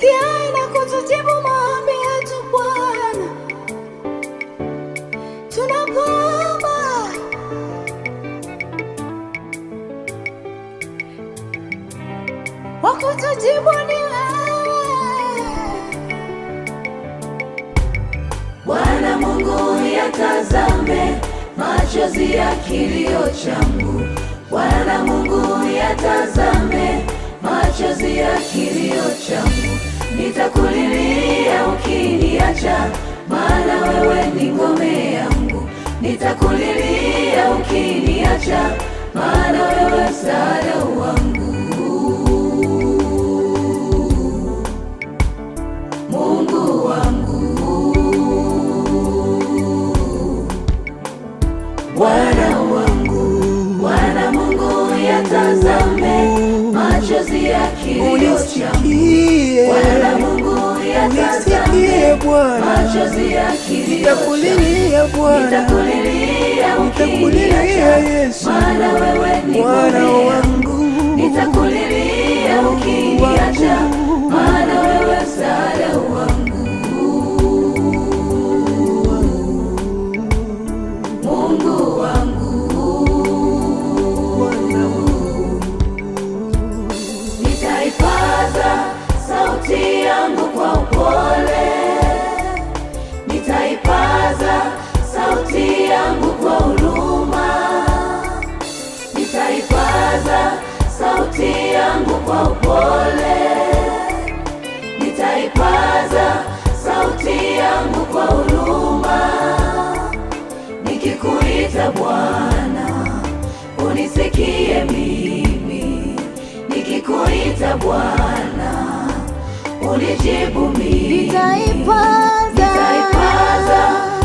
pia na kutujibu maombi yetu Bwana, tunakuomba wakutujibu ni wewe Bwana Mungu, yatazame machozi ya kilio changu Bwana Mungu, yatazame nitakulilia ukiniacha, maana wewe msaada wangu. Mungu wangu, Bwana wangu, Bwana Mungu, yatazame machozi yake, kilio changu, Bwana Mungu yatazame nitakulilia Bwana, nitakulilia Bwana, nitakulilia Yesu, mwana wangu nitakulilia nikuita Bwana unisikie mimi, nikikuita Bwana unijibu mimi, nitaipaza nitaipaza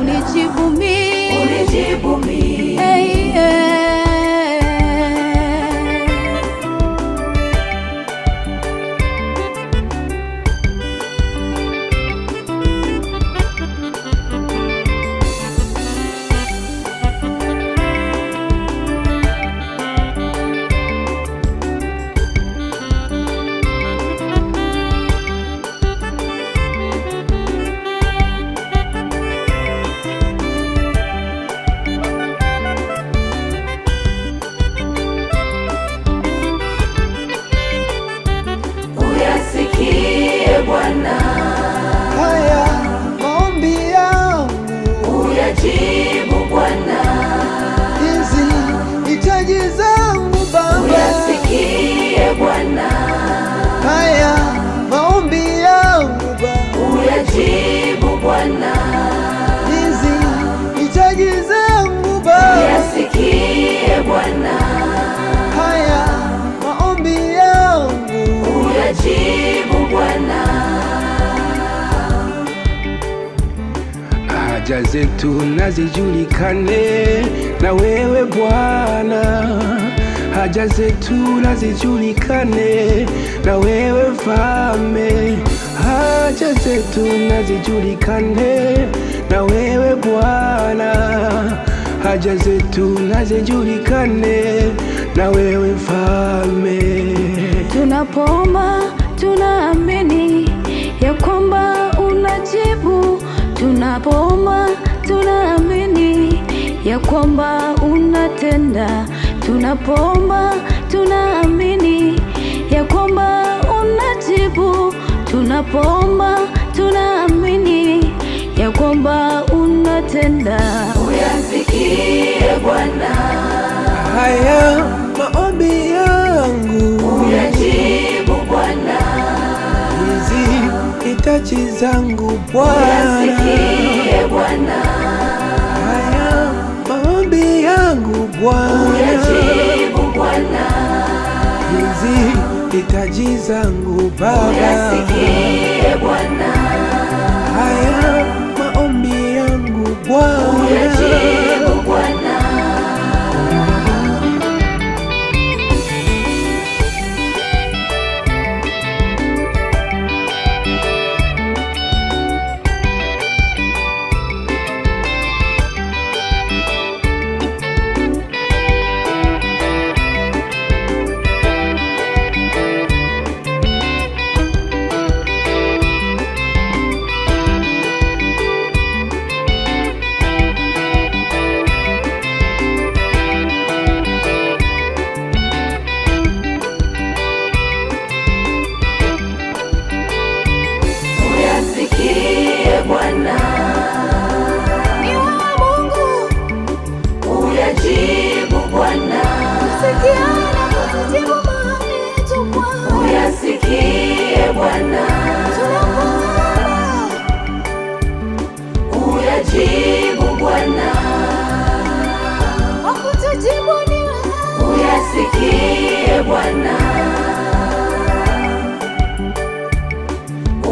Unijibu mimi. Unijibu mimi. haja zetu na zijulikane na wewe Bwana, haja zetu na zijulikane na wewe Mfalme, haja zetu na zijulikane na wewe Bwana, haja zetu na zijulikane na wewe Mfalme. tunapoma tunaamini ya Tunapoomba tunaamini ya kwamba unatenda, tunapoomba tunaamini ya kwamba unajibu, tunapoomba tunaamini ya kwamba unatenda. Uyasikie Bwana haya maombi sauti zangu Bwana, uyasikie Bwana, haya maombi yangu Bwana, uyajibu Bwana, hizi hitaji zangu Baba, uyasikie Bwana, haya maombi yangu Bwana, uyajibu kutujibu Bwana, uyasikie Bwana, uyajibu Bwana, uyasikie Bwana,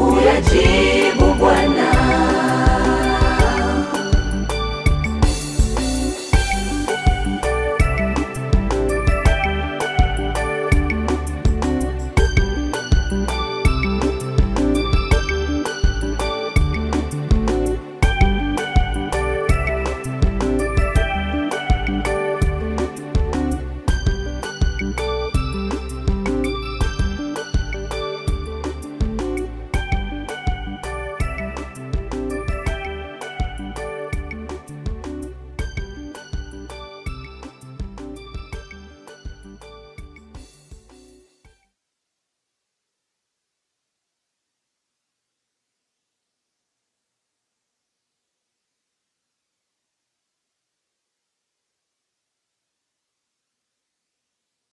uyajibu